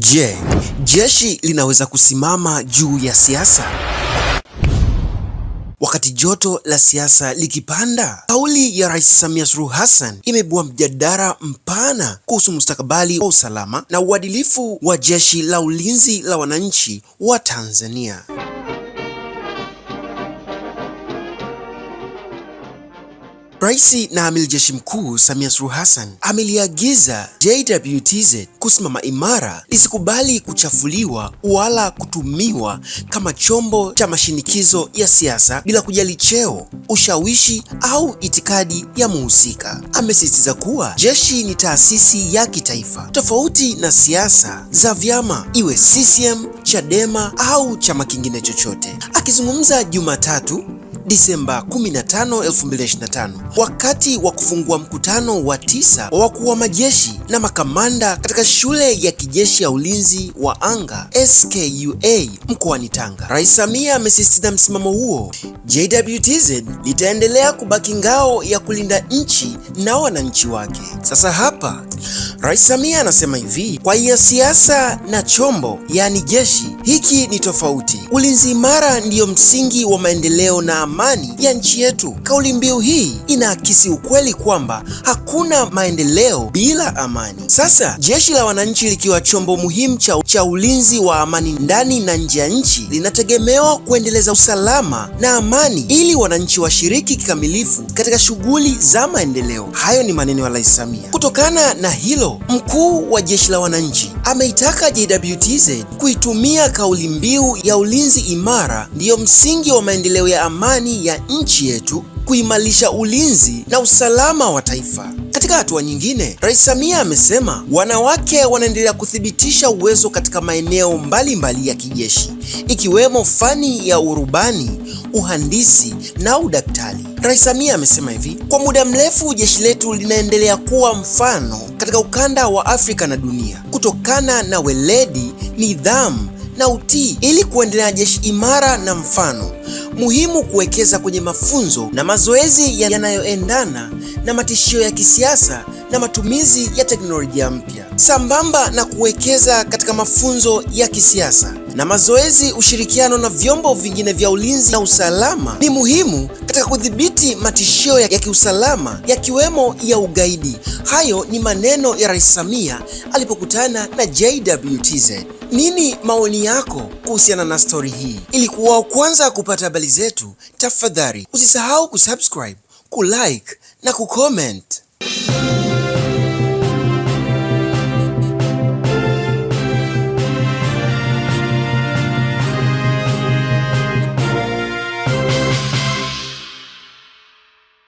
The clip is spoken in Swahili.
Je, jeshi linaweza kusimama juu ya siasa? Wakati joto la siasa likipanda, kauli ya Rais Samia Suluhu Hassan imebua mjadala mpana kuhusu mustakabali wa usalama na uadilifu wa Jeshi la Ulinzi la Wananchi wa Tanzania. Rais na amiri jeshi mkuu Samia Suluhu Hassan ameliagiza JWTZ kusimama imara, lisikubali kuchafuliwa wala kutumiwa kama chombo cha mashinikizo ya siasa bila kujali cheo, ushawishi au itikadi ya muhusika. Amesisitiza kuwa jeshi ni taasisi ya kitaifa tofauti na siasa za vyama, iwe CCM, Chadema au chama kingine chochote. Akizungumza Jumatatu Disemba 15, 2025 wakati wa kufungua mkutano wa tisa wa wakuu wa majeshi na makamanda katika shule ya kijeshi ya ulinzi wa anga SKUA mkoani Tanga. Rais Samia amesisitiza msimamo huo. JWTZ litaendelea kubaki ngao ya kulinda nchi na wananchi wake. Sasa hapa Rais Samia anasema hivi, kwa hiyo siasa na chombo, yaani jeshi hiki ni tofauti. Ulinzi imara ndiyo msingi wa maendeleo na amani ya nchi yetu. Kauli mbiu hii inaakisi ukweli kwamba hakuna maendeleo bila amani. Sasa jeshi la wananchi likiwa chombo muhimu cha, cha ulinzi wa amani ndani na nje ya nchi, linategemewa kuendeleza usalama na amani ili wananchi washiriki kikamilifu katika shughuli za maendeleo. Hayo ni maneno ya Rais Samia. Kutokana na hilo mkuu wa jeshi la wananchi ameitaka JWTZ kuitumia kauli mbiu ya ulinzi imara ndiyo msingi wa maendeleo ya amani ya nchi yetu, kuimarisha ulinzi na usalama wa taifa. Katika hatua nyingine, Rais Samia amesema wanawake wanaendelea kuthibitisha uwezo katika maeneo mbalimbali ya kijeshi ikiwemo fani ya urubani uhandisi na udaktari. Rais Samia amesema hivi, kwa muda mrefu jeshi letu linaendelea kuwa mfano katika ukanda wa Afrika na dunia kutokana na weledi, nidhamu na utii. Ili kuendelea jeshi imara na mfano, muhimu kuwekeza kwenye mafunzo na mazoezi yanayoendana na matishio ya kisiasa na matumizi ya teknolojia mpya, sambamba na kuwekeza katika mafunzo ya kisiasa na mazoezi, ushirikiano na vyombo vingine vya ulinzi na usalama ni muhimu katika kudhibiti matishio ya kiusalama yakiwemo ya ugaidi. Hayo ni maneno ya Rais Samia alipokutana na JWTZ. Nini maoni yako kuhusiana na stori hii? Ili kuwa wa kwanza kupata habari zetu, tafadhali usisahau kusubscribe, kulike na kucomment.